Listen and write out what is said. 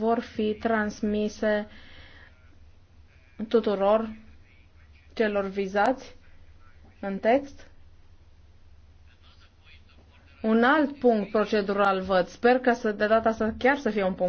vor fi transmise tuturor celor vizați în text? Un alt punct procedural văd. Sper că de data asta chiar să fie un punct